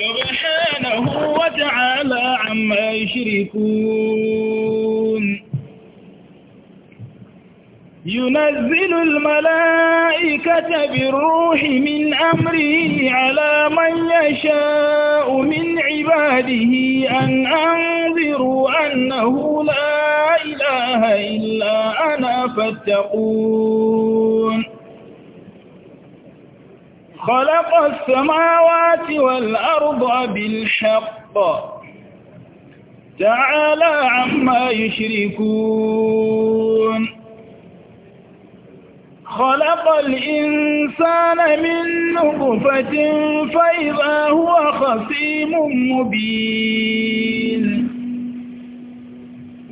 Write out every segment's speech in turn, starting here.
سبحانه وتعالى عما يشركون ينزل الملائكة بالروح من أمره على من يشاء من عباده أن أنذروا أنه لا إله إلا أنا فاتقون خلق السماوات والأرض بالحق تعالى عما يشركون خلق الإنسان من نطفة فإذا هو خصيم مبين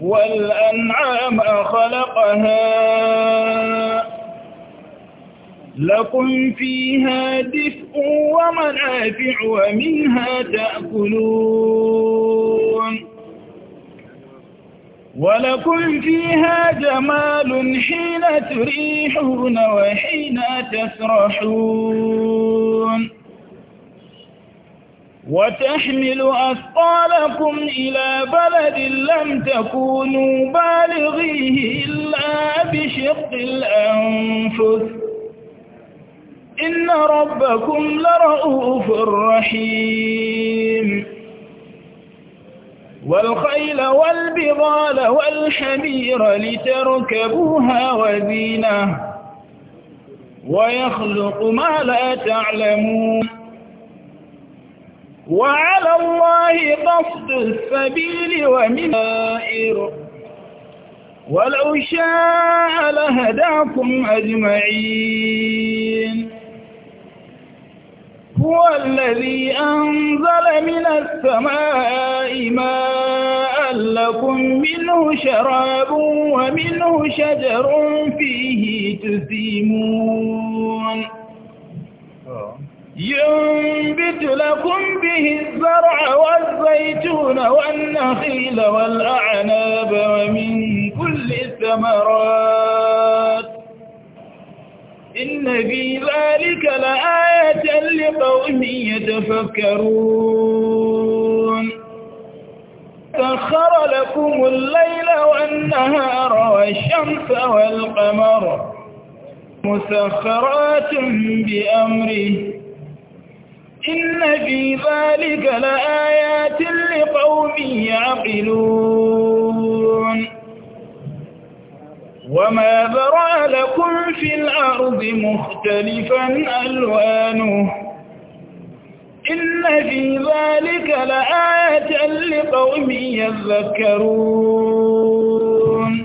والأنعام خلقها لكم فيها دفء ومنافع ومنها تأكلون ولكم فيها جمال حين تريحون وحين تسرحون وتحمل أثقالكم إلى بلد لم تكونوا بالغيه إلا بشق الأنفس إن ربكم لرؤوف رحيم والخيل والبغال والحمير لتركبوها وزينة ويخلق ما لا تعلمون وعلى الله قصد السبيل ومن ولو شاء لهداكم أجمعين هو الذي أنزل من السماء ماء لكم منه شراب ومنه شجر فيه تسيمون ينبت لكم به الزرع والزيتون والنخيل والأعناب ومن كل الثمرات إن في ذلك لآية لقوم يتفكرون سخر لكم الليل والنهار والشمس والقمر مسخرات بأمره إن في ذلك لآيات لقوم يعقلون وما برأ لكم في الأرض مختلفا ألوانه إن في ذلك لآية لقوم يذكرون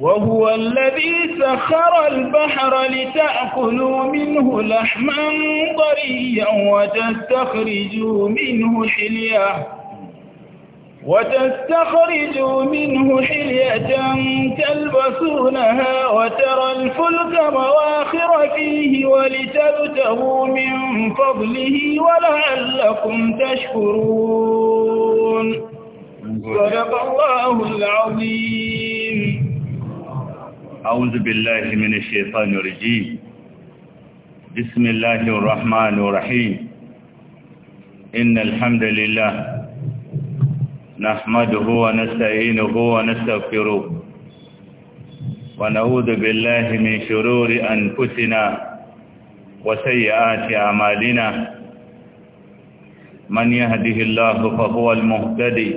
وهو الذي سخر البحر لتأكلوا منه لحما طريا وتستخرجوا منه حليا وتستخرجوا منه حلية تلبسونها وترى الفلك مواخر فيه ولتبتغوا من فضله ولعلكم تشكرون صدق الله العظيم أعوذ بالله من الشيطان الرجيم بسم الله الرحمن الرحيم إن الحمد لله نحمده ونستعينه ونستغفره ونعوذ بالله من شرور أنفسنا وسيئات أعمالنا من يهده الله فهو المهتدي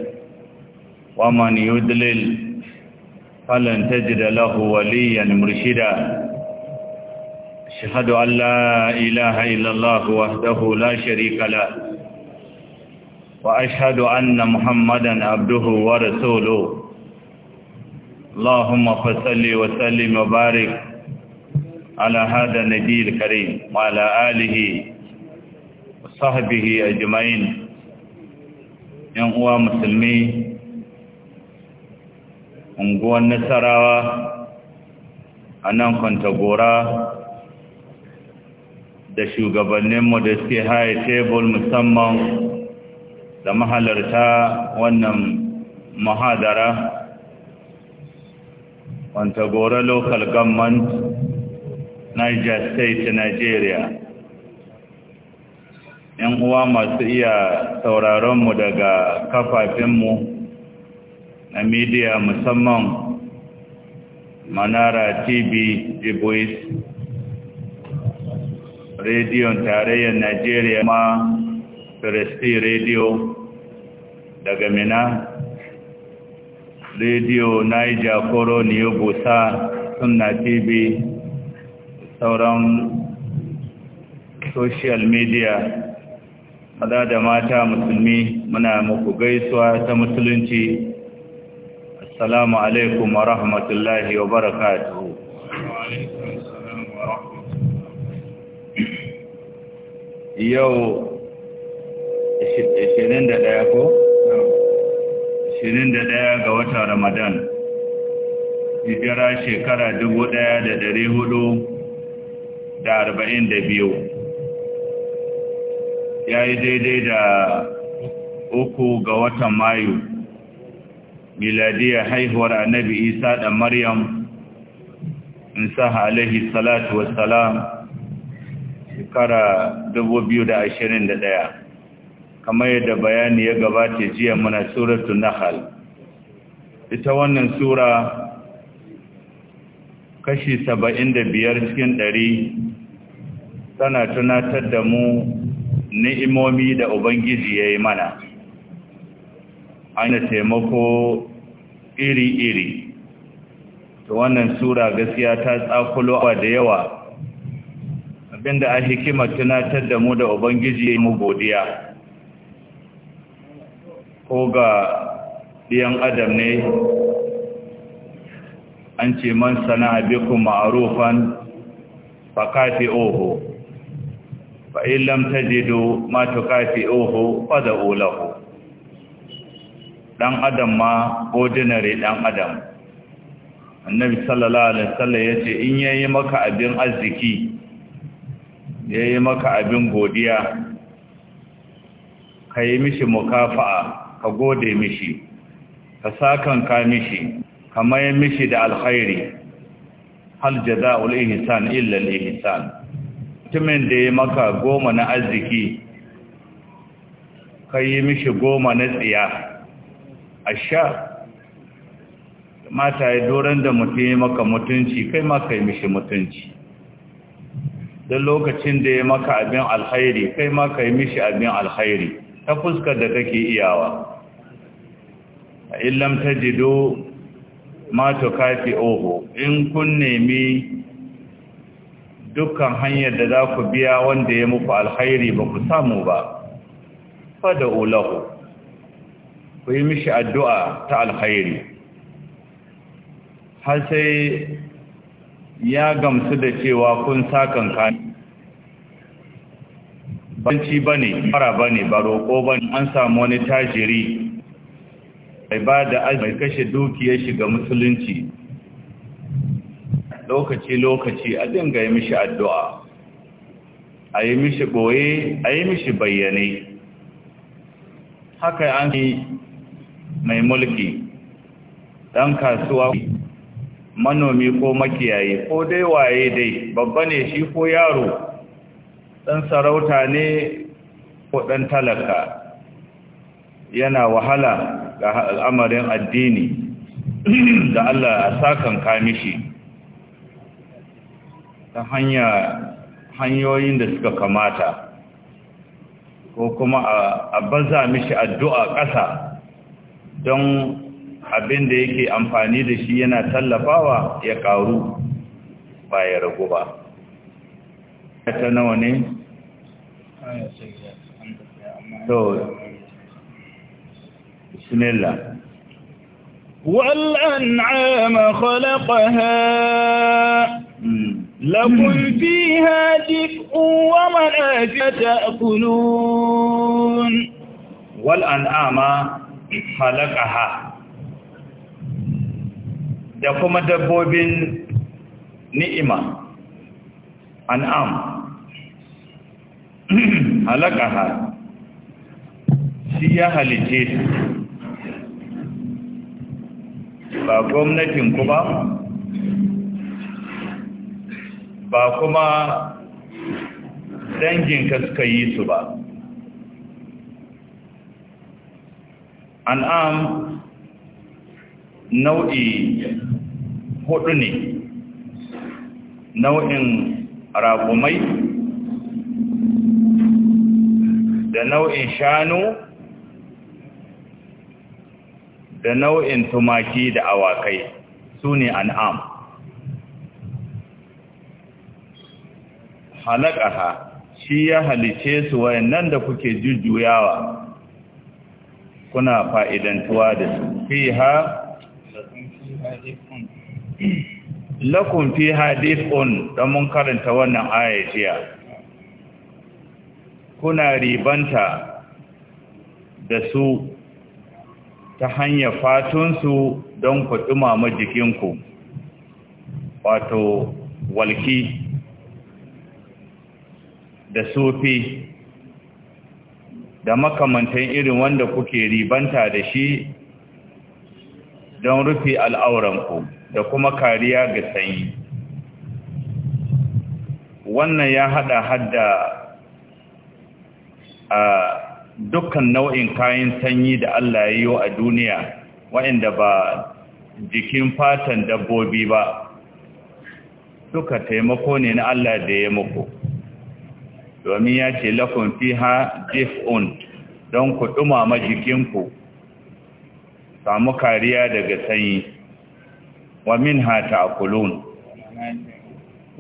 ومن يدلل فلن تجد له وليا مرشدا أشهد أن لا إله إلا الله وحده لا شريك له وأشهد أن محمدا عبده ورسوله اللهم فصل وسلم وبارك على هذا النبي الكريم وعلى آله وصحبه أجمعين yan uwa musulmi unguwar nasarawa a nan kwantagora da shugabanninmu da suke haya tebul musamman da mahalarta wannan mahadara wanta gora local government niger state nigeria yan uwa masu iya sauraronmu daga kafafinmu na media musamman manara tv jibois rediyon tarayyar nigeria ma firasti rediyo daga mina rediyo naija koro busa sunna tv sauran social media maza da mata musulmi muna muku gaisuwa ta musulunci assalamu alaikum wa rahmatullahi wa barakatuhu yau 21 ko? ɗaya ga wata Ramadan hijira shekara dubu ɗaya da da da hudu arba'in biyu, ya yi daidai da uku ga watan Mayu miladiyar haihuwar annabi Isa da Maryam in sa alaihi salatu wasalam shekara dubu biyu da da ashirin ɗaya. kamar yadda bayani ya gabata jiya muna suratu nahal ita wannan sura kashi saba'in da biyar cikin ɗari tana tunatar da mu ni'imomi da ubangiji ya yi mana ana taimako iri-iri ta wannan sura gaskiya ta tsakulo da yawa abinda a hikimar tunatar da mu da ubangiji mu godiya ko ga ɗiyan adam ne an ce man sana biku ma'arufan fakafi oho fa'in lamta jido ma kafi oho fada olahu ɗan adam ma ordinary ɗan adam annabi sallallahu alaihi wasallam ya ce in yayi maka abin arziki yayi maka abin godiya ka yi mishi mukafa'a ka gode mishi ka sakanka mishi ka mayar mishi da alkhairi hal jaza'ul ihsan illa al ihsan mutumin da ya maka goma na arziki ka yi mishi goma na tsiya asha mata ya doron da mutum ya maka mutunci kai ma kai mishi mutunci don lokacin da ya maka abin alkhairi kai ma kai mishi abin alkhairi ta fuskar da kake iyawa in lam tajidu ma tukafi oho in kun nemi dukkan hanyar da za ku biya wanda ya muku alkhairi ba ku samu ba fada ulahu ku yi mishi addu'a ta alkhairi har sai ya gamsu da cewa kun sakan kani banci ba ne mara ba ne ba roƙo ba an samu wani tajiri mai ba da mai kashe dukiyar shi ga musulunci lokaci-lokaci a dinga yi mishi addu'a a yi mishi ɓoye a yi mishi bayyane haka an yi mai mulki ɗan kasuwa manomi ko makiyayi ko dai waye dai babba ne shi ko yaro ɗan sarauta ne ko ɗan talaka yana wahala ga al'amarin addini da Allah a sakan kamishi ta hanya hanyoyin da suka kamata ko kuma a baza mishi addu'a ƙasa don abin da yake amfani da shi yana tallafawa ya ƙaru ba ya ragu ba. ta nawa ne? to بسم الله والأنعام خلقها لكم فيها دفء ومنافع تأكلون والأنعام خلقها دقم kuma بن ni'ima أنعام خلقها shi ya ba gwamnatin ba ba kuma danginka suka yi su ba an'am nau'i hudu ne nau'in raƙumai da nau'in shanu da nau'in tumaki da awakai su ne an'am halakaha shi ya halice su nan da kuke jujjuyawa kuna fa'idantuwa da su fi ha lakun fi hadifun don mun karanta wannan ayatiya kuna ribanta da su ta hanyar fatunsu don ku dumama jikinku wato walki da sufi da makamantan irin wanda kuke ribanta da shi don rufe al'auranku da kuma kariya ga sanyi wannan ya hada hadda. a dukkan nau'in kayan sanyi da Allah ya yi a duniya waɗanda ba jikin fatan dabbobi ba suka taimako ne na Allah da ya muku domin ya ce fi ha jif'un don ku ɗumama jikinku samu kariya daga sanyi wa min hata akulun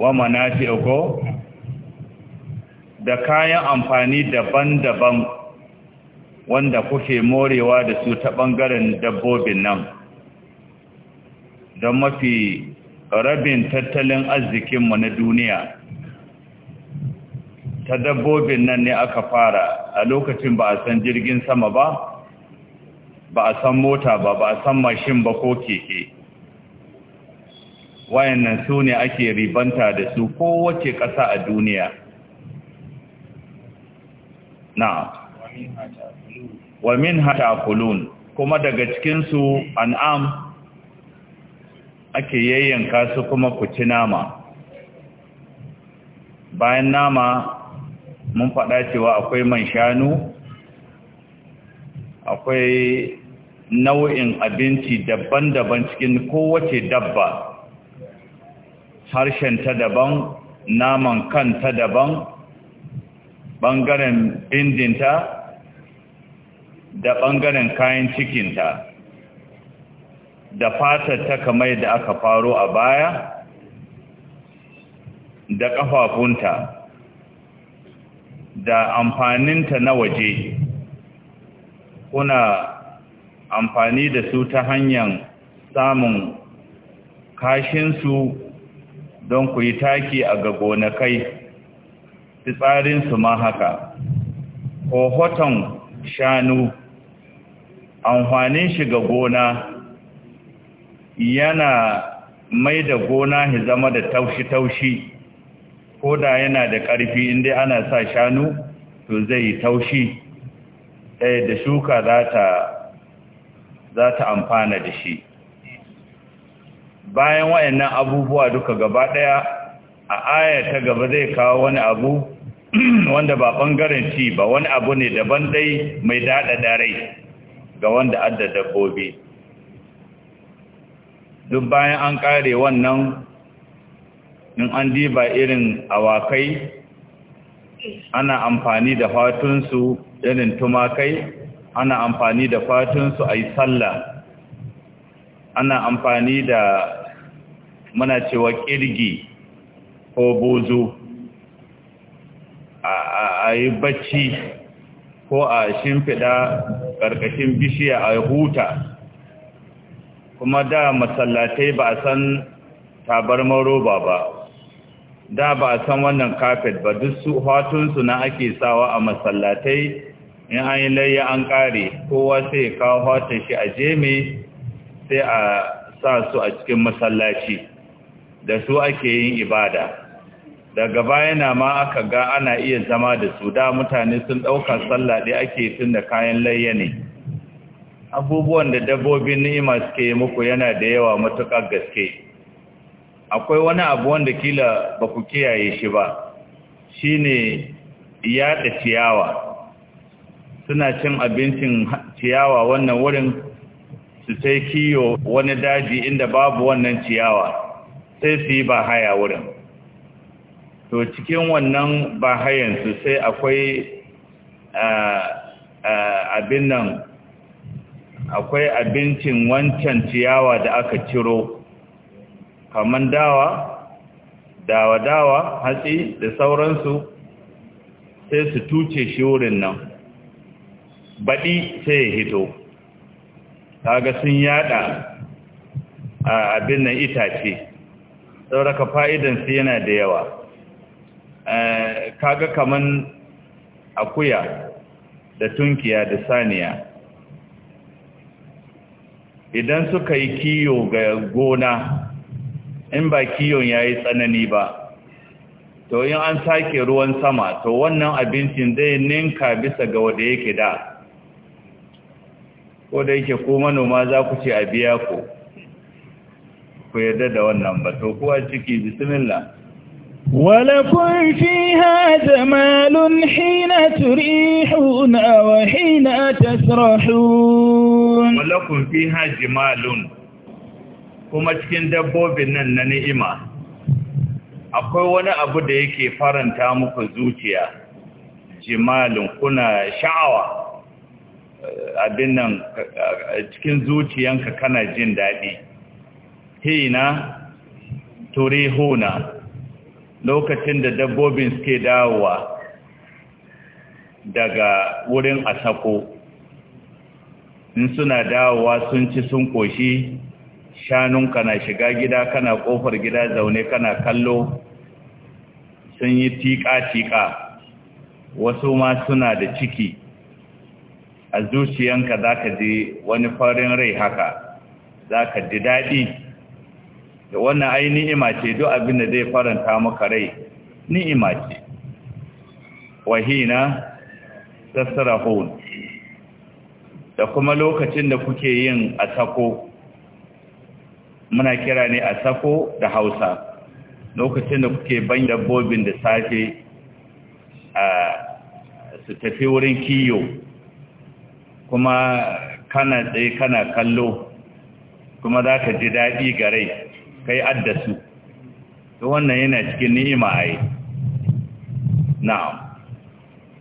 wa manafi da kayan amfani daban-daban wanda kuke morewa da su ta ɓangaren dabbobin nan don mafi rabin tattalin arzikinmu na duniya ta dabbobin nan ne aka fara a lokacin ba a san jirgin sama ba ba a san mota ba ba a san mashin ba ko keke wayannan su ne ake ribanta da su kowace ƙasa a duniya na wa min hata kulun kuma daga cikinsu an'am ake yayyanka su kuma ku ci nama bayan nama mun faɗa cewa akwai man shanu akwai nau'in abinci daban-daban cikin kowace dabba harshen ta daban naman kan ta daban ɓangaren bindinta da ɓangaren kayan cikinta da fatar ta kamar da aka faro a baya da ƙafafunta da amfaninta na waje kuna amfani da su ta hanyar samun kashinsu don ku yi taki a ga gonakai fitsarinsu ma haka ko hoton shanu amfanin shi ga gona yana mai da gona ya zama da taushi-taushi ko da yana da ƙarfi inda ana sa shanu to zai yi taushi ɗaya da shuka za ta amfana da shi bayan wayannan abubuwa duka gaba ɗaya a aya ta gaba zai kawo wani abu wanda ba bangaren ci ba wani abu ne daban dai mai daɗa darai ga wanda adda dabbobi duk bayan an ƙare wannan in an diba irin awakai ana amfani da fatunsu irin tumakai ana amfani da fatunsu a yi sallah ana amfani da muna cewa ƙirgi ko bozo a yi bacci ko a shimfiɗa ƙarƙashin bishiya a huta kuma da masallatai ba san tabarmar roba ba da ba a san wannan kafet ba duk su hatunsu na ake sawa a masallatai in an yi layya an ƙare kowa sai ya kawo hatun shi a jeme sai a sa su a cikin masallaci da su ake yin ibada daga baya na ma aka ga ana iya zama da su da mutane sun ɗauka sallah ake tun da kayan layya ne abubuwan da dabbobin ni'ima suke yi muku yana da yawa matuƙar gaske akwai wani abu wanda kila ba ku kiyaye shi ba shine yaɗa ciyawa suna cin abincin ciyawa wannan wurin su sai kiyo wani daji inda babu wannan ciyawa sai su yi ba haya wurin to cikin wannan bahayansu sai akwai abin nan akwai abincin wancan ciyawa da aka ciro kamar dawa dawa-dawa hatsi da sauransu sai su tuce shi wurin nan baɗi sai ya hito kaga sun yada abin nan itace sauraka fa'idansu yana da yawa Eh, kaga kaman akuya da tunkiya da saniya idan suka yi kiyo ga gona in ba kiyon ya yi tsanani ba to in an sake ruwan sama to wannan abincin zai ninka bisa ga wanda yake da ko da yake ko manoma za ku ce a biya ku ku yarda da wannan ba to kuwa ciki bismillah ولكم فيها جمال حين تريحون وحين تسرحون ولكم فيها جمال kuma cikin dabbobin nan na ni'ima akwai wani abu da yake faranta muku zuciya jimalun kuna sha'awa abin nan cikin zuciyanka kana jin daɗi hina turihuna lokacin da dabbobin suke dawowa daga wurin asako in suna dawowa sun ci sun koshi shanun kana shiga gida kana kofar gida zaune kana kallo sun yi tiƙa-tiƙa wasu ma suna da ciki a zuciyanka za ka ji wani farin rai haka za ka ji daɗi da wannan ai ni'ima ce duk abin da zai faranta maka rai ni'ima ce wahina tasrahun da kuma lokacin da kuke yin asako muna kira ne asako da Hausa lokacin da kuke ban dabbobin da safe a su tafi wurin kiyo kuma kana tsaye kana kallo kuma za ka ji daɗi ga rai kai addasu to wannan yana cikin ni'ima ai na'am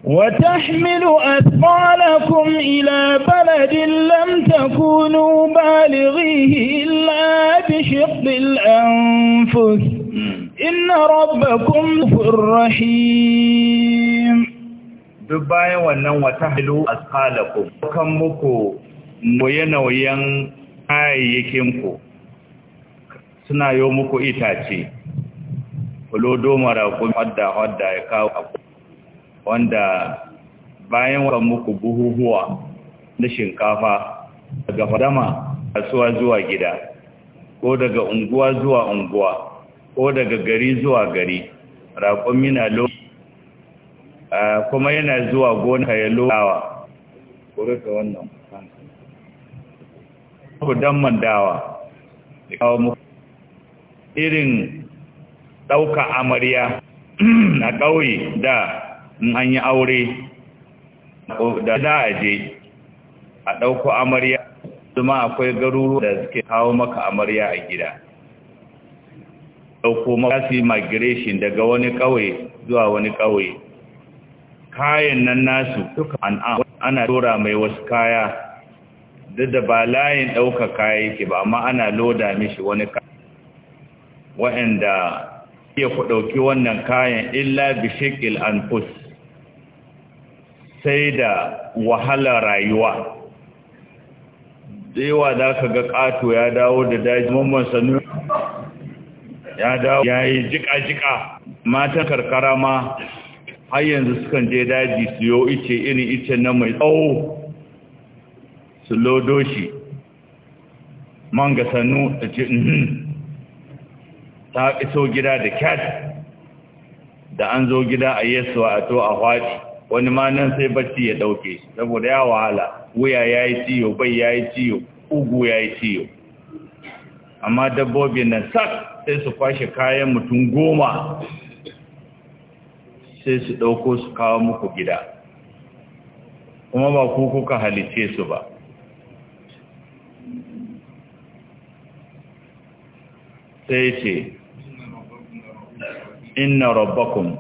wa tahmilu athqalakum ila baladin lam takunu balighihi illa bi shiqqil anfus inna rabbakum furrahim duk bayan wannan wa tahmilu athqalakum kan muku moye nauyen kayayyakin suna yi muku itace kulodo mara kuma wadda wadda ya kawo wanda bayan wa muku buhuhuwa na shinkafa daga fadama kasuwa zuwa gida ko daga unguwa zuwa unguwa ko daga gari zuwa gari raƙon na lo kuma yana zuwa gona ya lokawa ko rika wannan ku dan mandawa da kawo muku irin ɗauka amarya a ƙauye da in an yi aure da za a je a ɗauko amarya zuma akwai garuru da suke kawo maka amarya a gida ɗauko maka su yi migration daga wani ƙauye zuwa wani ƙauye kayan nan nasu duka ana tura mai wasu kaya duk da ba layin ɗauka kaya yake ba amma ana loda mishi wani kaya Waɗanda iya ku ɗauki wannan kayan illa bishikil anfus sai da wahala rayuwa yawa za ka ga ƙato ya dawo da daji mamman sanu ya dawo ya yi jika-jika matan karkara ma har yanzu sukan je daji siyo ice iri ice na mai tsawo su lodo shi man ga sanu da ce uhm, ta iso gida da kyat da an zo gida a yesu a to a hwaci wani ma nan sai bacci ya dauke saboda ya wahala wuya ya yi ciyo bai ya yi ciyo ugu ya yi ciyo amma dabbobi na sak sai su kwashe kayan mutum goma sai su ɗauko su kawo muku gida kuma ba ku kuka halice su ba sai ce inna rabbakum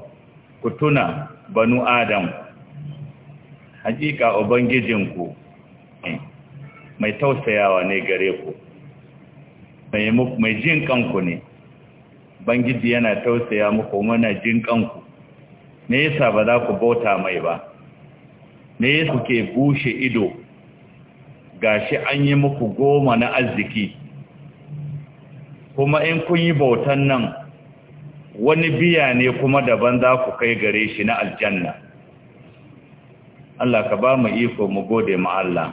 kutuna tuna banu adam hakika ubangijinku eh, mai tausayawa ne gare ku mai jin kanku ne bangiji yana tausaya muku mana jin kanku me yasa ba za ku bauta mai ba me yasa ke bushe ido gashi an yi muku goma na arziki kuma in kun yi bautan nan wani biya ne kuma daban za ku kai gare shi na aljanna Allah ka ba mu iko mu gode ma Allah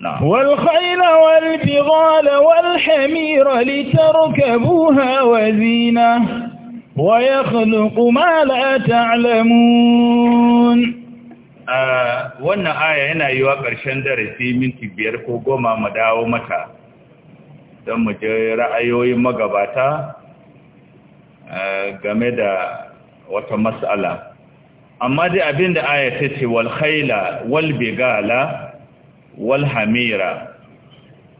والخيل والبغال والحمير لتركبوها وزينة ويخلق ما لا تعلمون wannan aya yana yiwa ƙarshen darasi minti biyar ko goma mu dawo mata don mu je ra'ayoyin magabata Eh, game da wata matsala amma dai abin da aya ta ce wal khaila wal bigala wal hamira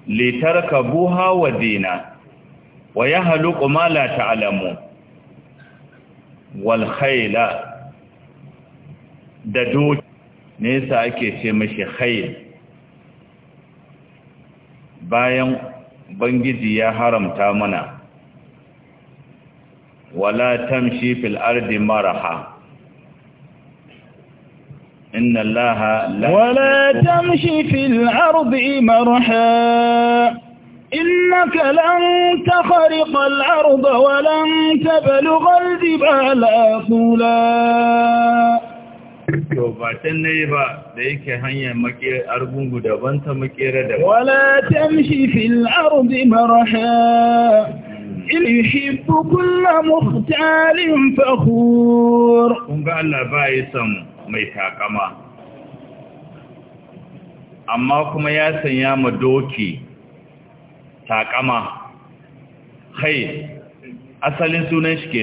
litarkabuha wa dina wa yahluqu ma la ta'lamu wal khaila da doki nesa ake ce mashi khail bayan bangiji ya haramta mana ولا تمشي في الأرض مرحا إن الله لا ولا تمشي في الأرض مرحا إنك لن تخرق الأرض ولن تبلغ الجبال أصولا ولا تمشي في الأرض مرحا يحب كل مختال فخور kun ga Allah ba ya san mai takama amma kuma ya sanya ma doki takama kai asalin sunan shi ke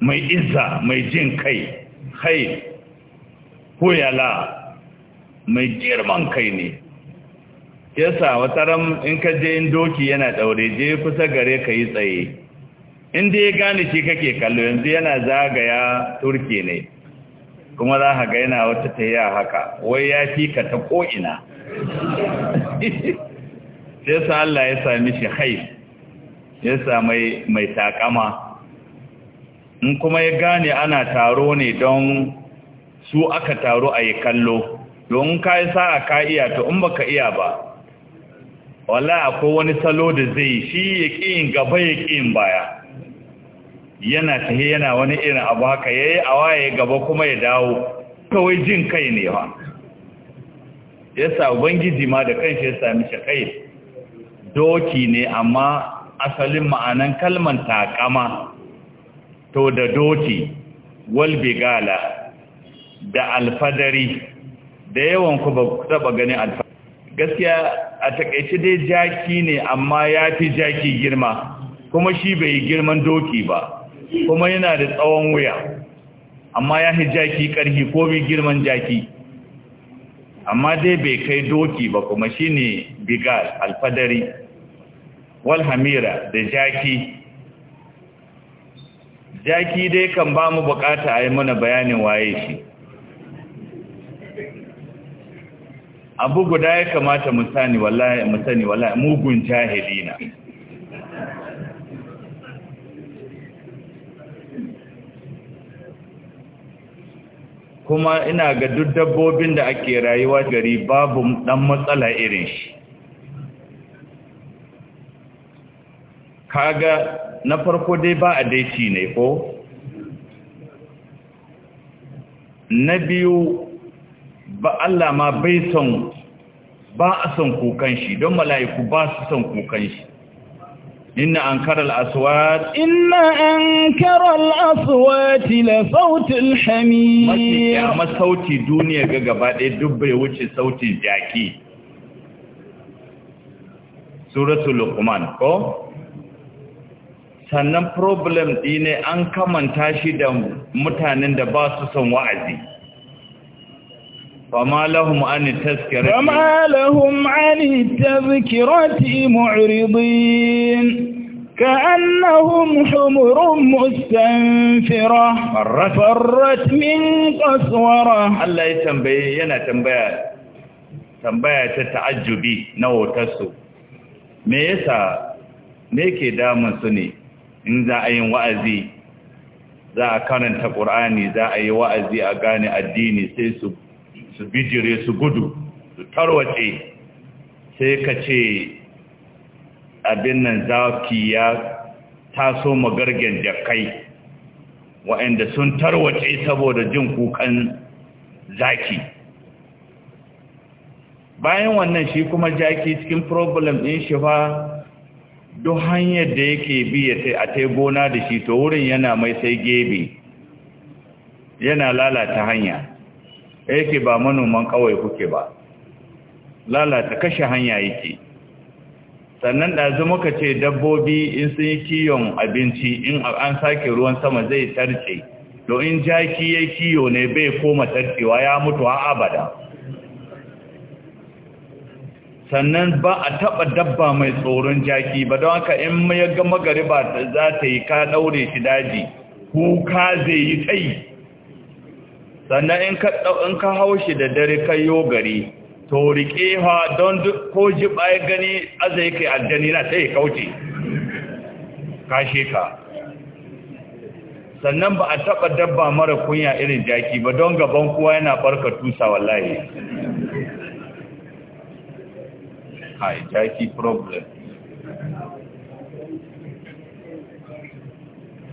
mai izza mai jin kai kai huyala mai girman kai ne yasa wata ran in ka je in doki yana daure je kusa gare ka yi tsaye in dai ya gane shi kake kallo yanzu yana zagaya turke ne kuma za ka ga yana wata yi haka wai ya fi ka ta ko'ina yasa Allah ya sami shi haif ya sami mai takama in kuma ya gane ana taro ne don su aka taro a yi kallo don ka yi sa'a ka iya to in baka iya ba wala akwai wani salo da zai shi ya ƙin gaba ya ƙin baya yana tahe yana wani irin abu haka ya yi awa ya gaba kuma ya dawo kawai jin kai ne ha ya sa ubangiji ma da kanshi ya sami shi doki ne amma asalin ma'anan kalman takama to da doki walbigala da alfadari da yawan ku ba ku taɓa ganin alfadari gaskiya a takaice dai jaki ne amma ya fi jaki girma kuma shi bai yi girman doki ba kuma yana da tsawon wuya amma ya fi jaki ƙarfi ko bi girman jaki amma dai bai kai doki ba kuma shi ne bigal alfadari walhamira da jaki jaki dai kan ba mu bukata a yi mana bayanin waye shi abu guda ya kamata mu sani wallahi mu wallahi mugun jahilina kuma ina ga duk dabbobin da ake rayuwa gari babu dan matsala irin shi kaga na farko dai ba a daici ne ko na biyu ba Allah ma bai son ba a son kukan shi don mala'iku ba su son kukan shi inna an karar aswad inna an karar aswad la sautin hamir mafi sauti duniya ga gaba ɗaya duk bai wuce sautin jaki suratul luqman ko sannan problem ne an kamanta shi da mutanen da ba su son wa'azi فما لهم عن التذكرة فما لهم عن التذكرة معرضين كأنهم حمر مستنفرة فرت, فرت من قسورة الله يتنبيه ينا تنبيه تنبيه تتعجبي نو تسو me yasa me yake damun su ne in za a yin wa'azi za a karanta ƙur'ani za a yi wa'azi a gane addini sai su su bijire su gudu su tarwace sai ka ce abin nan zafi ya taso magargen jakai wa'anda sun tarwace saboda jin kukan zaki bayan wannan shi kuma jaki cikin problem ɗin shi fa duk hanyar da yake bi ya a tai gona da shi to wurin yana mai sai gebe yana lalata hanya yake ba manoman kawai kuke ba lalata kashe hanya yake sannan ɗazu muka ce dabbobi in sun yi kiyon abinci in an sake ruwan sama zai tarce in jaki ya kiyo ne bai koma tarcewa ya mutu a abada sannan ba a taɓa dabba mai tsoron jaki ba don haka in ya ga magariba za ta yi ka daure shi daji kuka zai yi tsayi sannan in ka in ka haushi da dare kai yo gari to rike ha don ko ji bai gani azai kai aljani na sai kauce kashe ka sannan ba a taba dabba mara kunya irin jaki ba don gaban kowa yana barka tusa wallahi hai jaki problem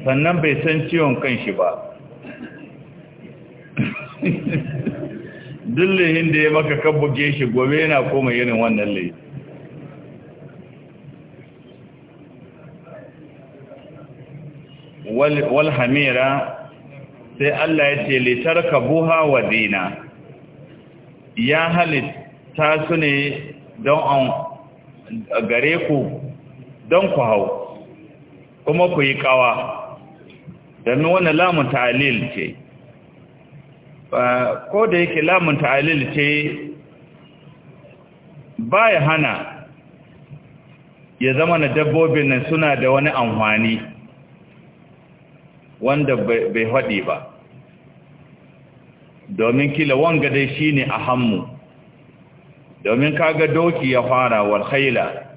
sannan bai san ciwon kanshi ba duk lehin da ya maka kabbuge shi gobe yana koma irin wannan laifi. wal hamira sai Allah ya ce litarka buha wa dina ya halitta su ne don an gare ku don ku hau kuma ku yi kawa domin wani lamun ta'alil ce ko da yake lamun ta'alil ce baya hana ya zama na dabbobin nan suna da wani amfani wanda bai haɗi ba domin kila wanga dai shine a hammu domin kaga doki ya fara wal khaila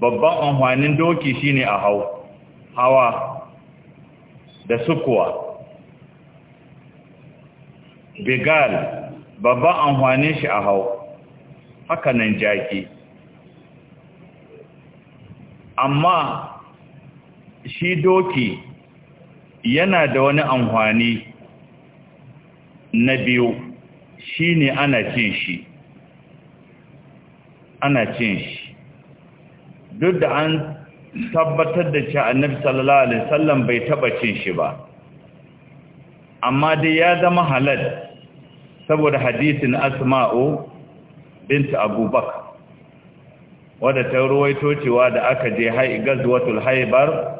babban amfanin doki shine a hawa da sukuwa bigal babban amfanin shi a hau haka nan jaki amma shi doki yana da wani amfani na biyu shi ne ana cin shi ana cin shi duk da an tabbatar da ce annabi sallallahu alaihi wasallam bai taba cin shi ba amma dai ya zama halal saboda hadisin asma'u binta abubakar wadda ta ruwaito cewa da aka je gazuwatul haibar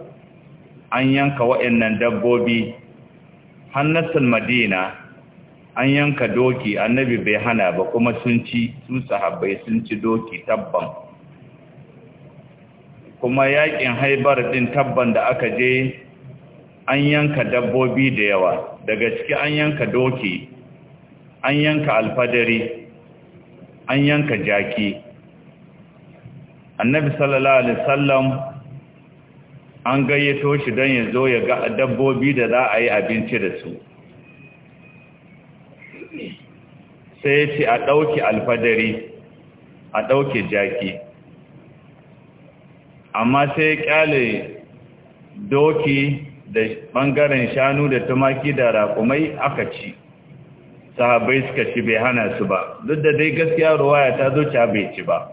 an yanka wa'annan dabbobi hannatun madina an yanka doki annabi bai hana ba kuma sun ci su sahabbai sun ci doki tabban kuma yakin haibar din tabban da aka je an yanka dabbobi da yawa daga ciki an yanka doki an yanka alfadari an yanka jaki annabi sallallahu alaihi wasallam an gayyato shi don ya zo ya ga dabbobi da za a yi abinci da su sai ya ce a ɗauki alfadari a ɗauke jaki amma sai ya ƙyale doki da ɓangaren shanu da tumaki da raƙumai aka ci sahabai suka ci bai hana su ba duk da dai gaskiya ruwaya ta zo ci bai ci ba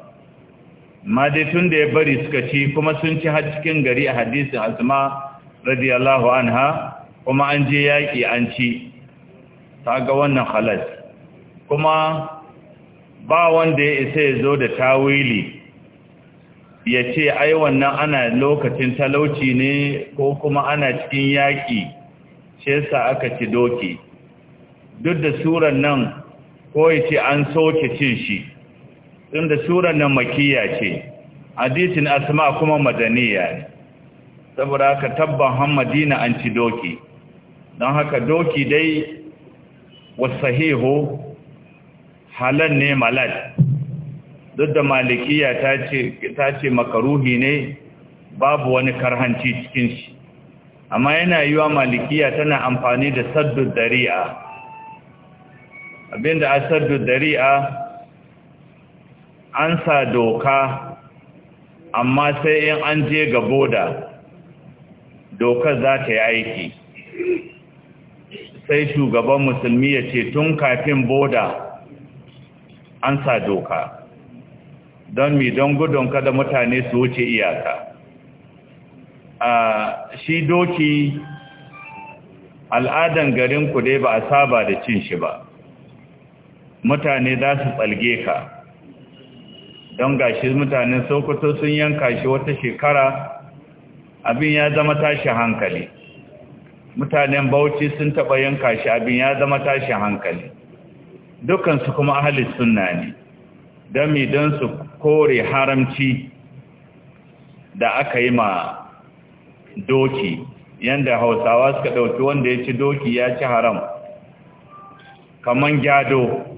ma dai tun da ya bari suka ci kuma sun ci har cikin gari a hadisin asma radiyallahu anha kuma an je yaƙi an ci ta ga wannan halas kuma ba wanda ya isa ya zo da tawili ya ce ai wannan ana lokacin talauci ne ko kuma ana cikin yaƙi shi yasa aka ci doki duk da suran nan ko ya ce an soke cin shi tun da suran nan makiya ce hadisin asma kuma madaniya ne saboda haka tabban hamadina an ci doki don haka doki dai wasahihu halal ne malal duk da malikiya ta ce makaruhi ne babu wani karhanci cikin shi amma yana yiwa malikiya tana amfani da saddu dari'a Abin da asar da dari'a an sa doka amma sai in an je ga boda dokar za ta yi aiki sai shugaban musulmi ya ce tun kafin boda an sa doka don mi don gudun kada mutane su wuce iyaka a shi doki al'adan garin ku dai ba a saba da cin shi ba mutane za su tsalge ka don gashi mutane sokoto sun yanka shi wata shekara abin ya zama tashi hankali mutanen bauchi sun taɓa yanka shi abin ya zama tashi hankali dukansu kuma ahalis sunna ne don mi don su kore haramci da aka yi ma doki yanda hausawa suka ɗauki wanda ya ci doki ya ci haram kaman gyado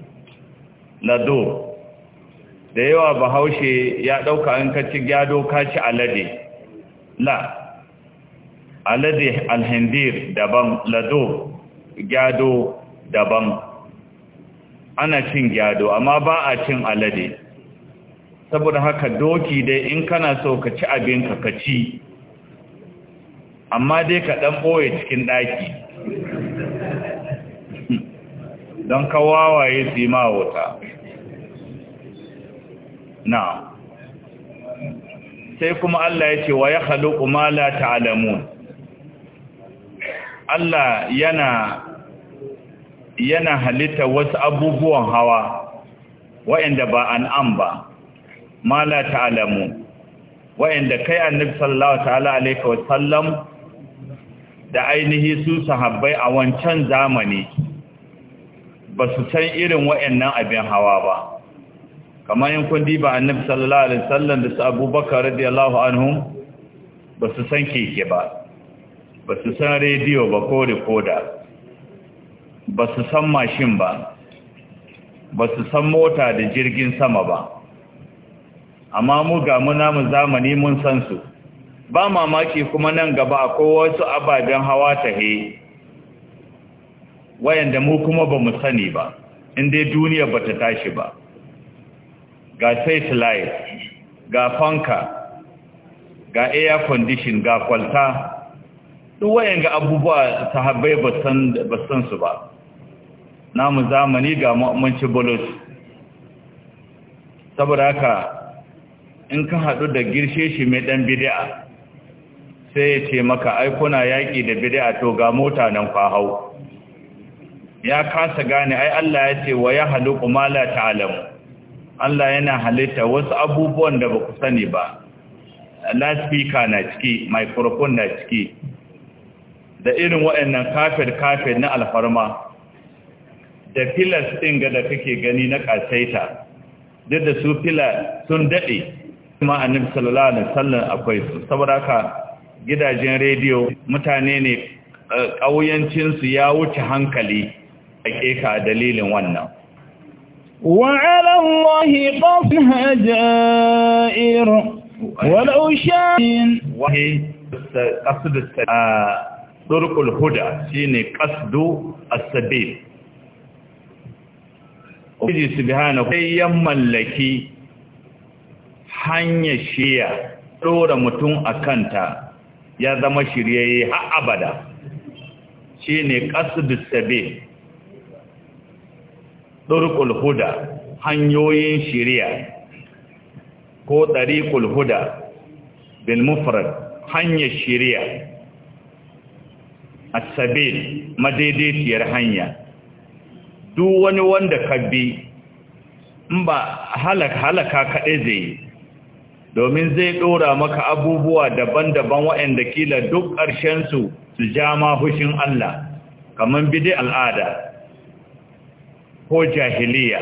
lado da yawa bahaushe ya ɗauka in ka ci gyado ka ci alade la alade alhindir daban lado gyado daban ana cin gyado amma ba a cin alade saboda haka doki dai in kana so ka ci abinka ka ci amma dai ka ɗan ɓoye cikin ɗaki don ka wawaye zima wuta na sai kuma Allah ya ce wa ya haluku ma la ta'alamu? Allah yana yana halitta wasu abubuwan hawa wa'anda ba an ba ma la ta'alamu? wa'anda kai annabi sallallahu ta'ala alaihi wa sallam da ainihi su sahabbai a wancan zamani ba su san irin wa'annan abin hawa ba kamar yin kundi ba annabi sallallahu alaihi wasallam da su abubakar radiyallahu anhum ba su san keke ba ba su san rediyo ba ko rikoda ba su san mashin ba ba su san mota da jirgin sama ba amma mu ga mu zamani mun san su ba mamaki kuma nan gaba akwai wasu ababen hawa ta he wayanda mu kuma bamu sani ba inda duniya ba ta tashi ba ga satellite ga fanka ga air condition ga kwalta duk wayan ga abubuwa sahabbai ba san su ba namu zamani ga mu'amanci Bolus. saboda haka in ka haɗu da girshe shi mai ɗan bidi'a sai ya ce maka aikuna yaƙi da bidi'a to ga mota nan kwahau ya kasa gane ai Allah ya ce wa ya halu kumala ta'alamu Allah yana halitta wasu abubuwan da ba ku sani ba laspika na ciki microphone na ciki da irin waɗannan kafir-kafir na alfarma da filas ɗin ga da kake gani na ƙasaita duk da su fila sun daɗe kuma annabi sallallahu alaihi wasallam akwai su saboda gidajen rediyo mutane ne eh, ƙauyancinsu ya wuce hankali a dalilin wannan وعلى الله قصها جائر ولو شاء قصد طرق الهدى شيني قصد السبيل Ubiji Subhanahu sai ya mallaki hanyar shiya ɗora mutum a kanta ya zama shiryayye har abada shi ne ƙasudu sabi ɗorukul huda hanyoyin shiriya ko ɗariƙul huda mufrad hanyar shiriya asabil madaidaiciyar hanya duk wani wanda ka bi in ba halaka kaɗai zai yi domin zai ɗora maka abubuwa daban-daban waɗanda kila duk ƙarshensu su ja ma hushin Allah kamar bidi al'ada ko jahiliya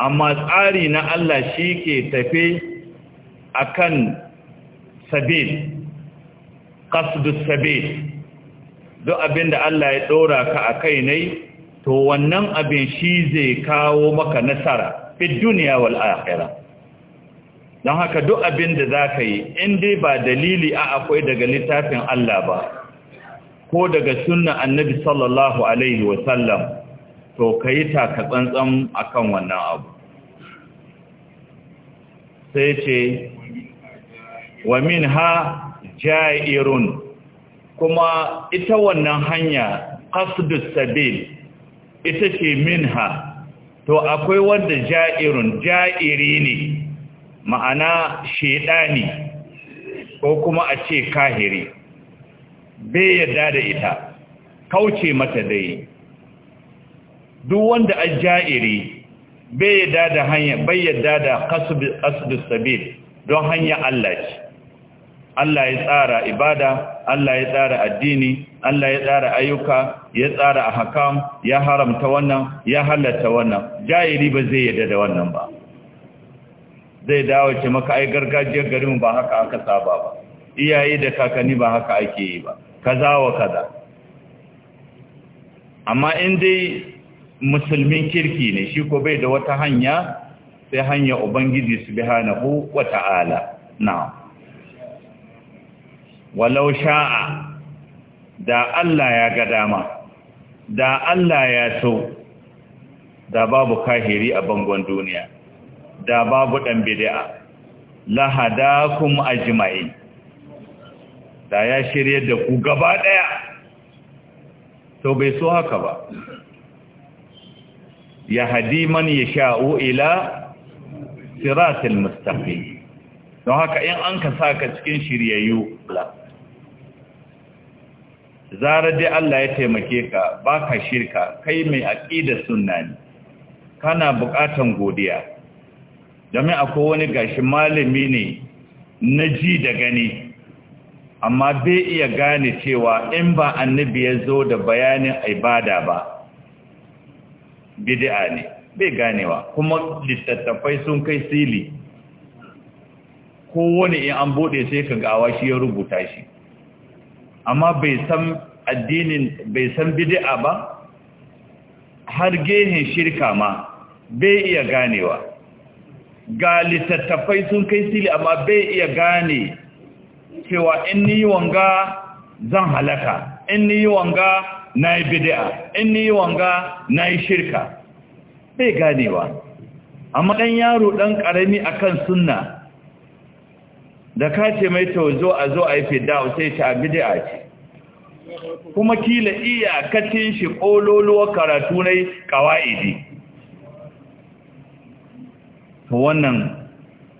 amma tsari na Allah shi ke tafe kan sabil qasdus sabil duk abin da Allah ya ɗora ka a kai ne to wannan abin shi zai kawo maka nasara fi duniya wal akhirah don haka duk abin da za ka yi in dai ba dalili a akwai daga littafin Allah ba ko daga sunna annabi sallallahu alaihi wasallam to ka yi taka tsantsan a kan wannan abu sai ce wa min ha jairun kuma ita wannan hanya qasdus sabil ita ce min ha. to akwai wanda jairun jairi ne ma'ana ne. ko kuma a ce kahiri bai yarda da ita kauce mata dai duk wanda a ja'iri bai yadda da hanya bai da don hanya Allah ce Allah ya tsara ibada Allah ya tsara addini Allah ya tsara ayyuka ya tsara a hakam ya haramta wannan ya halatta wannan ja'iri ba zai yadda da wannan ba zai dawo ce maka ai gargajiyar garin ba haka aka saba ba iyaye da kakanni ba haka ake yi ba kaza wa kaza amma in dai musulmin kirki ne shi ko bai da wata hanya sai hanya ubangiji subhanahu wata'ala na. walau sha'a da Allah ya ga dama da Allah ya so da babu kahiri a bangon duniya da babu dan bid'a a jima'i da ya shirye da ku gaba daya to bai so haka ba ya hadi man ya sha ila siratil mustaqim don haka in an ka saka cikin shiryayyu zara dai Allah ya taimake ka baka shirka kai mai aqida sunna ne kana buƙatan godiya domin akwai wani gashi malami ne na ji da gani amma bai iya gane cewa in ba annabi ya zo da bayanin ibada ba bid'a ne bai ganewa kuma littattafai sun kai sili kowane in an bude sai ka gawa shi ya rubuta shi amma bai san addinin bai san bid'a ba har gehen shirka ma bai iya ganewa ga littattafai sun kai sili amma bai iya gane cewa in ni wanga zan halaka in ni wanga na yi bidi'a in ni wanga na yi shirka bai ganewa amma ɗan yaro ɗan ƙarami a kan sunna da ka ce mai to zo a zo a yi fidawa sai ta a bidi'a ce kuma kila iyakacin shi ƙololuwar karatu na ƙawa'idi wannan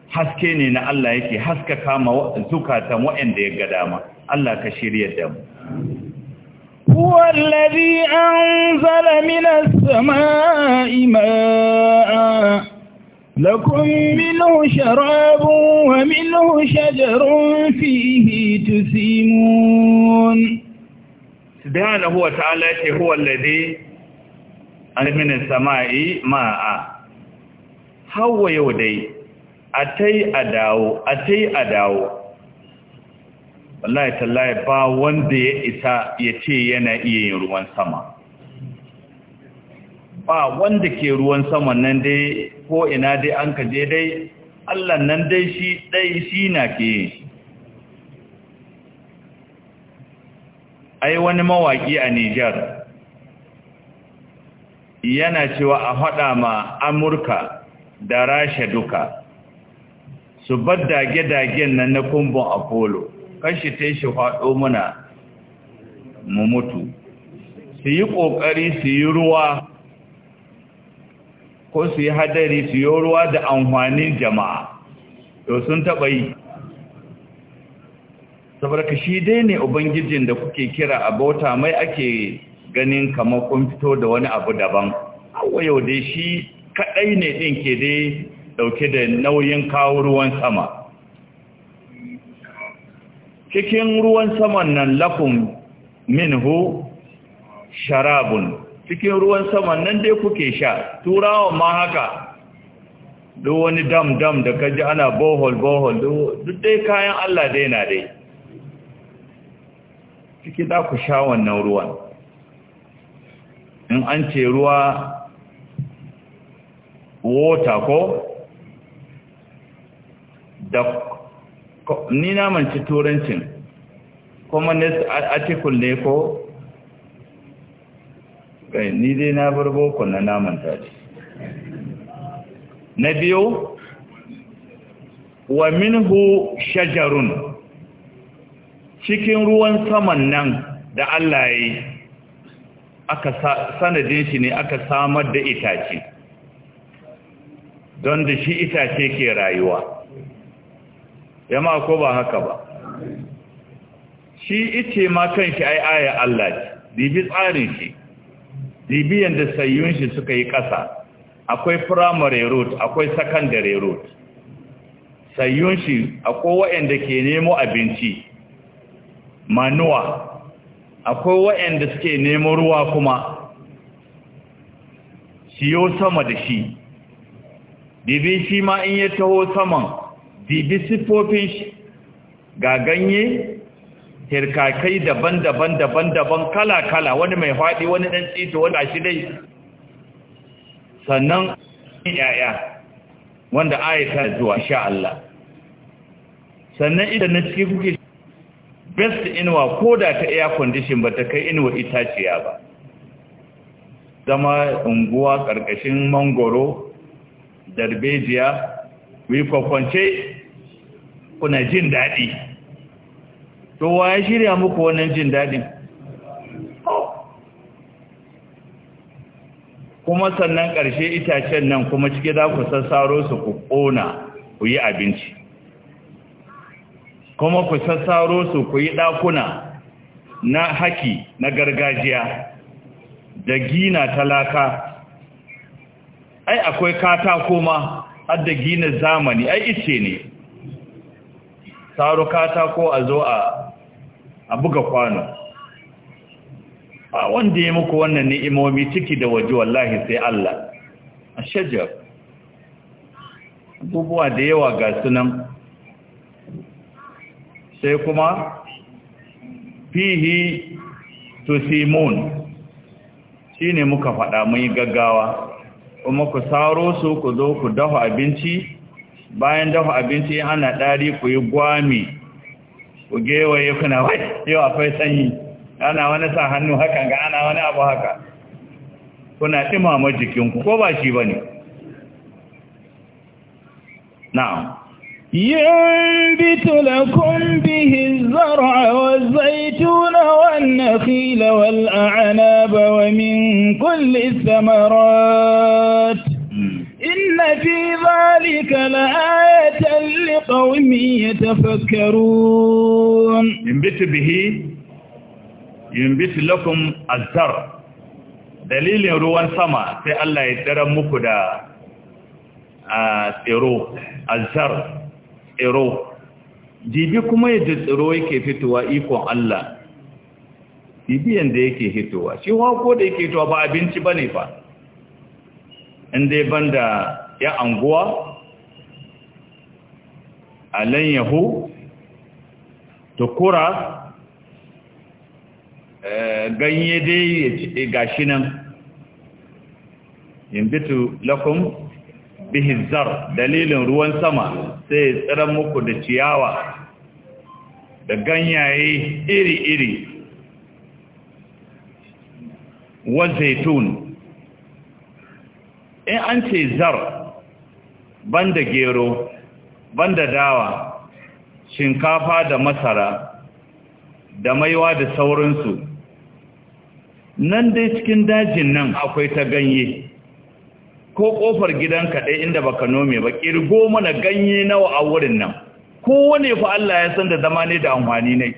haske ne na Allah yake haskaka ma zukatan waɗanda ya ga dama Allah ka shirya da mu هو الذي أنزل من السماء ماء لكم منه شراب ومنه شجر فيه تسيمون سبحانه وتعالى هو الذي أنزل من السماء ماء هو يودي أتي أداو أتي أداو wallahi tallahi ba wanda ya isa ya ce yana iya yin ruwan sama ba wanda ke ruwan sama nan dai ko ina dai an ka je dai Allah nan dai shi dai shi na ke ai wani mawaƙi a Nijar yana cewa a haɗa ma Amurka da Rasha duka su bar dage-dagen nan na kumbin Apollo kashi ta shi faɗo muna mu mutu su yi ƙoƙari su yi ruwa ko su yi hadari su yi ruwa da amfanin jama'a to sun taɓa yi saboda shi dai ne ubangijin da kuke kira a bauta mai ake ganin kamar kun fito da wani abu daban yau dai shi kaɗai ne ɗin ke dai ɗauke da nauyin kawo ruwan sama cikin ruwan saman nan lakum minhu sharabun cikin ruwan saman nan dai kuke sha turawa ma haka duk wani dam-dam da kaji ana bohol-bohol duk dai kayan Allah dai na dai ciki za ku sha wannan ruwan in an ce ruwa wota ko da ni na manci turancin communist article ne ko kai ni dai na bar boko na namanta ce na biyu wa minhu shajarun cikin ruwan saman nan da Allah ya yi aka sanadin shi ne aka samar da itace don da shi itace ke rayuwa jama'a ko ba haka ba shi ice ma kanshi ai aya Allah ce dibi tsarin shi dibi yanda sayyun shi suka yi ƙasa akwai primary road akwai secondary road sayyun shi akwai waɗanda ke nemo abinci manuwa akwai waɗanda suke nemo ruwa kuma siyo sama da shi dibi shi ma in ya taho saman dibi siffofin shi ga ganye hirkakai daban-daban daban-daban kala-kala wani mai faɗi wani ɗan tsito wani shi dai sannan yaya wanda ayata zuwa sha Allah sannan idan na ciki kuke best inuwa ko da ta air condition ba ta kai inuwa itaciya ba zama unguwa ƙarƙashin mangoro darbejiya wikwakwance kuna jin daɗi to wa ya shirya muku wannan jin daɗin kuma sannan ƙarshe itacen nan kuma cike za ku sassaro su ku ƙona ku yi abinci kuma ku sassaro su ku yi ɗakuna na haki na gargajiya da gina talaka ai akwai katako ma har da gina zamani ai ice ne saro katako a zo a buga kwano a wanda ya muku wannan ni'imomi ciki da waje wallahi sai Allah a shajar abubuwa da yawa ga sunan sai kuma fihi to simon shi muka faɗa muyi gaggawa kuma ku saro su ku zo ku dafa abinci bayan dafa abinci ana ɗari ku yi gwami ku gewaye kuna wai yau akwai sanyi ana wani sa hannu haka ga ana wani abu haka kuna ɗimama jikinku ko ba shi ba ne na'am ينبت لكم به الزرع والزيتون والنخيل والأعناب ومن كل الثمرات إن في ذلك لآية لقوم يتفكرون ينبت به ينبت لكم الزر dalilin ruwan sama sai Allah ya tsira muku jibi kuma yadda tsiro yake fitowa ikon Allah bibiyan da yake hitowa shi wako da yake ba abinci ba ba inda ban ya anguwa alayyahu tukura eh, ganye dai eh, gashi nan in bitu lakum bihizar dalilin ruwan sama sai tsiran muku da ciyawa da ganyaye iri-iri wa zaitun in an ce zar banda gero banda dawa shinkafa da masara da maiwa da sauransu nan dai cikin dajin nan akwai ta ganye ko ƙofar gidan kaɗai inda baka nome ba ƙirgo mana ganye nawa a wurin nan kowane fa Allah ya san da zama ne da amfani ne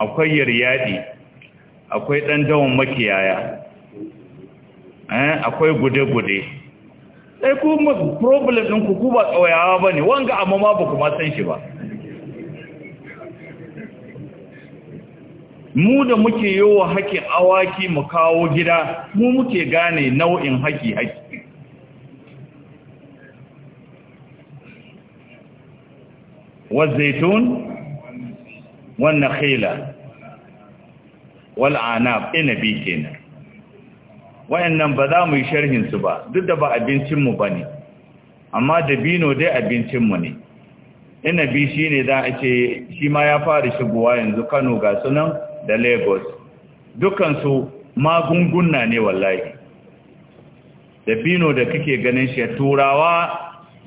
akwai yaryadi akwai ɗan dawon makiyaya Eh, akwai gude-gude sai ku problem ɗin ku ba tsawayawa ba ne wanga amma ma ba kuma san shi ba mu da muke yi wa haƙin awaki mu kawo gida mu muke gane nau'in haƙi-haƙi wazaitun wannan khila wal'anab inabi kenan wayannan ba za mu yi sharhin su ba duk da ba abincin mu bane amma dabino dai abincin mu ne inabi ne za a ce shi ma ya fara shigowa yanzu Kano ga sunan da Lagos dukansu su magunguna ne wallahi dabino da kake ganin shi turawa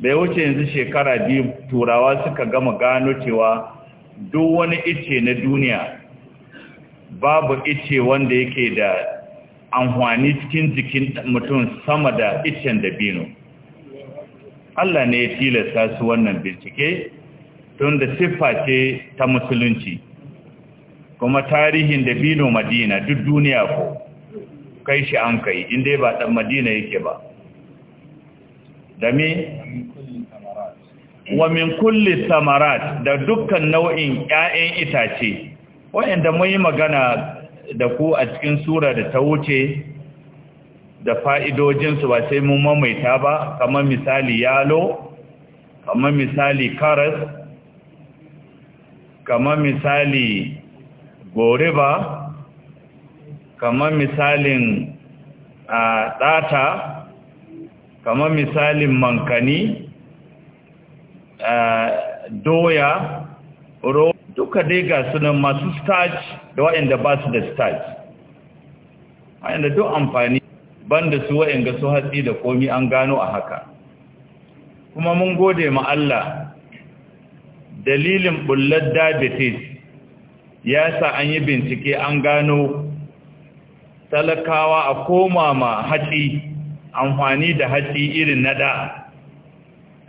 da wuce yanzu shekara biyu turawa suka gama gano cewa duk wani ice na duniya babu ice wanda yake da amfani cikin jikin mutum sama da icen dabino Allah ne ya tilasta su wannan bincike tun da siffa ce ta musulunci kuma tarihin dabino madina duk duniya ko kai shi an kai inda ba ɗan madina yake ba da wa min kulli samarat da dukkan nau'in 'ya'yan itace wa'anda mun yi magana da ku a cikin sura da ta wuce da fa'idojinsu ba sai mun mamaita ba kamar misali yalo kamar misali karas kamar misali goriba kamar misalin a ɗata kamar misalin mankani doya ro duka dai ga sunan masu starch da waɗanda ba su da starch waɗanda duk amfani banda su waɗanda su hatsi da komi an gano a haka kuma mun gode ma Allah dalilin bullar diabetes ya sa an yi bincike an gano talakawa a koma ma hatsi amfani da hatsi irin na da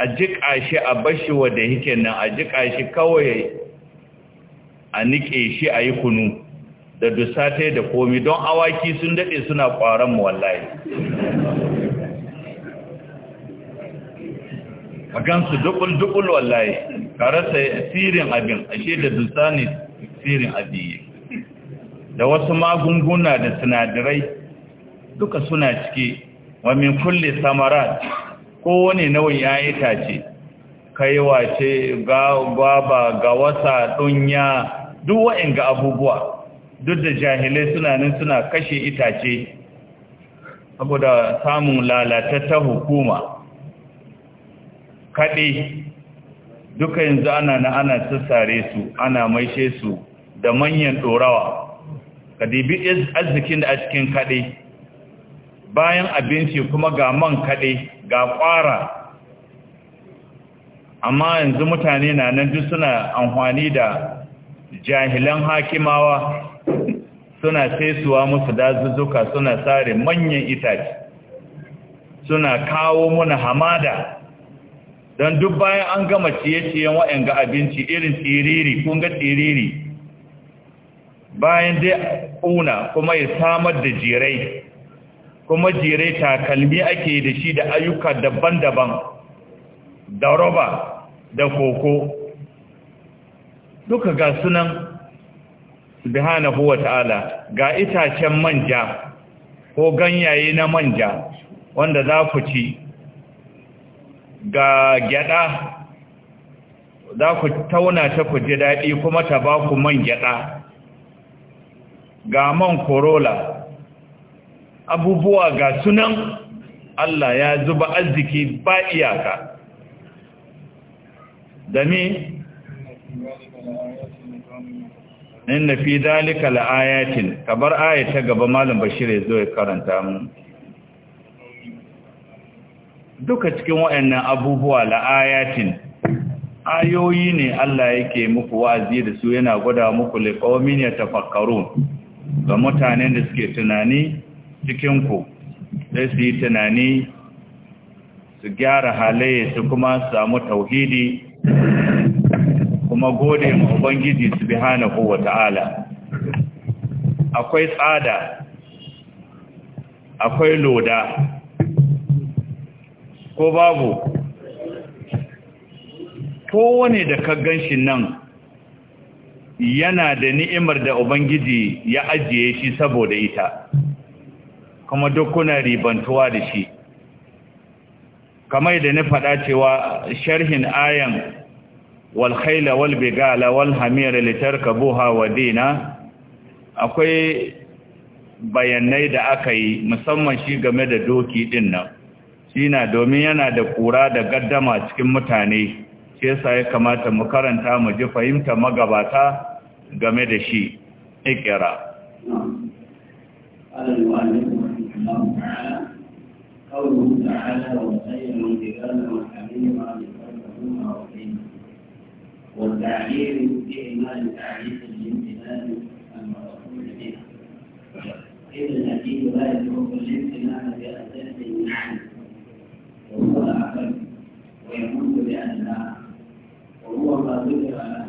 a jiƙa shi a bashi da hikin nan a jiƙa shi kawai a niƙe shi a yi kunu da dusatai da komi don awaki sun daɗe suna ƙwaron mu wallahi a gansu dukul-dukul wallahi karasa sirin abin ashe da dusani sirin yi. da wasu magunguna da sinadirai. duka suna ciki wa min kulle samarat kowane nau'in ya tace. kaiwa ce gaba ga wasa dunya duk ga abubuwa duk da jahilai suna nan suna kashe itace saboda samun ta hukuma kaɗe duka yanzu ana na ana sassare su ana maishe su da manyan ɗorawa ka dibi arzikin da a cikin kaɗe bayan abinci kuma ga man kaɗe ga ƙwara amma yanzu mutane na nan duk suna amfani da jahilan hakimawa suna saisuwa musu dazuzzuka suna sare manyan itace suna kawo muna hamada don duk bayan an gama ciye-ciyen waɗanda abinci irin tsiriri kun ga tsiriri bayan dai una kuma ya samar da jirai kuma jirai takalmi ake da shi da ayyuka daban-daban da roba da koko duka ga sunan subhanahu wa ta'ala ga itacen manja ko ganyaye na manja wanda za ku ci ga gyada za ku tauna ta ku ji daɗi kuma ta ba ku man gyada ga man korola abubuwa ga sunan Allah ya zuba arziki ba iyaka da inna fi dalika laayatin kabar aya ta gaba malam bashir ya zo ya karanta mu duka cikin waɗannan abubuwa laayatin ayoyi ne Allah yake muku wa'azi da su yana gwada muku liqawmin yatafakkarun ga mutanen da suke tunani cikin ku sai su yi tunani su gyara halaye su kuma samu tauhidi kuma gode ma ubangiji subhanahu wata'ala akwai tsada akwai loda ko babu kowane da ka ganshi nan yana da ni'imar da ubangiji ya ajiye shi saboda ita kuma duk kuna ribantuwa da shi kamar da na faɗa cewa sharhin ayan wal khayla wal bigala wal hamira wa dina akwai bayanai da aka yi musamman shi game da doki din nan na, domin yana da kura da gaddama cikin mutane shi yasa ya kamata mu karanta mu ji fahimta magabata game da shi ikira قوله تعالى الجبال والحميم والتعبير بإعمال تعريف الامتنان المفروض بها إذا الأكيد لا يترك الامتنان بأساس عنه وهو العقل ويقول بأن وهو ما ذكر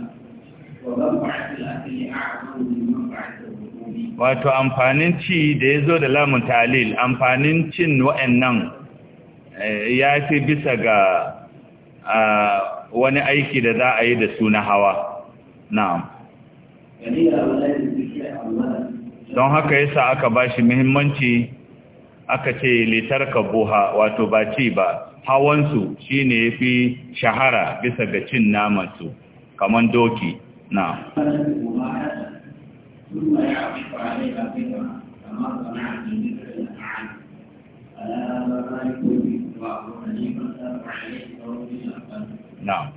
wato amfanin ci da ya zo da lamun talil amfanin cin wa'annan ya fi bisa ga wani aiki da za a yi da su na hawa na'am don haka yasa aka bashi muhimmanci aka ce litar buha wato ba ci ba hawansu shine fi shahara bisa ga cin namansu kamar doki na'am نعم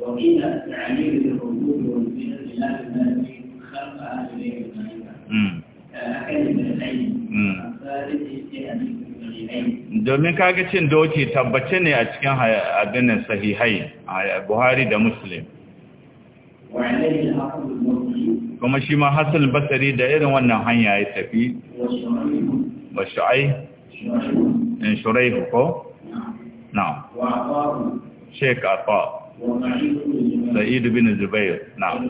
وقيل التعليل domin kaga cin doki tabbace ne a cikin abinin sahihai a buhari da muslim kuma shi ma hassan basari da irin wannan hanya ya tafi ba shu'ai شريح كو نعم شيخ عطاء سعيد بن زبير نعم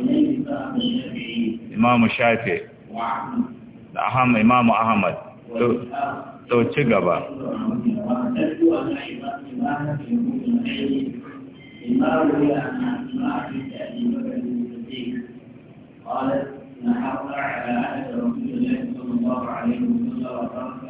إمام الشافعي أهم إمام أحمد تو تشغبا قالت نحرنا على عهد رسول الله صلى الله عليه وسلم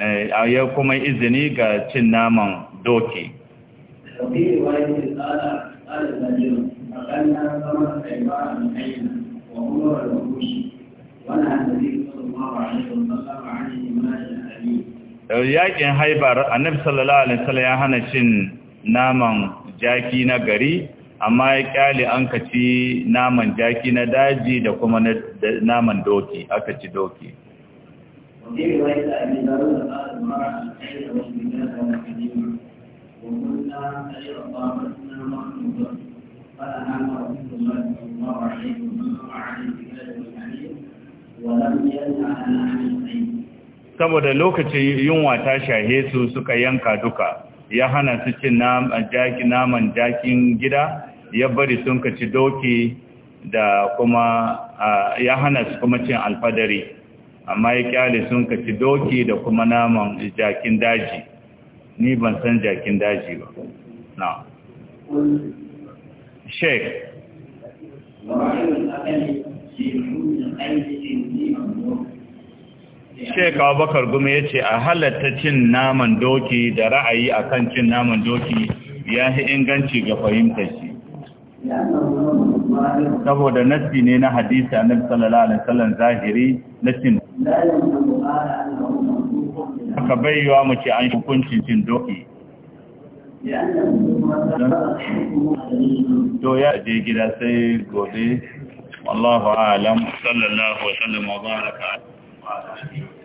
A eh, ya kuma izini ga cin naman doki eh, yaƙin haibar annabi sallallahu alaihi wasallam ya hana cin naman jaki na gari amma ya kyale an ka ci naman jaki na daji da kuma naman doki aka ci doki saboda lokacin yunwa ta shahe su suka yanka duka ya hana su cin naman jakin gida ya bari sun ka ci doki da kuma ya hana su kuma cin alfadari amma ya kyale sun kaci doki da kuma naman jakin daji ni ban san jakin daji ba na sheik sheik abubakar gumi ya ce a halatta cin naman doki da ra'ayi a kan cin naman doki ya fi inganci ga fahimtar shi saboda nasi ne na hadisa na sallallahu alaihi wasallam zahiri nassin ka bayyawa mu ce an hukuncin cin doki to ya je gida sai gobe wallahu alam sallallahu wa sallam wa baraka ala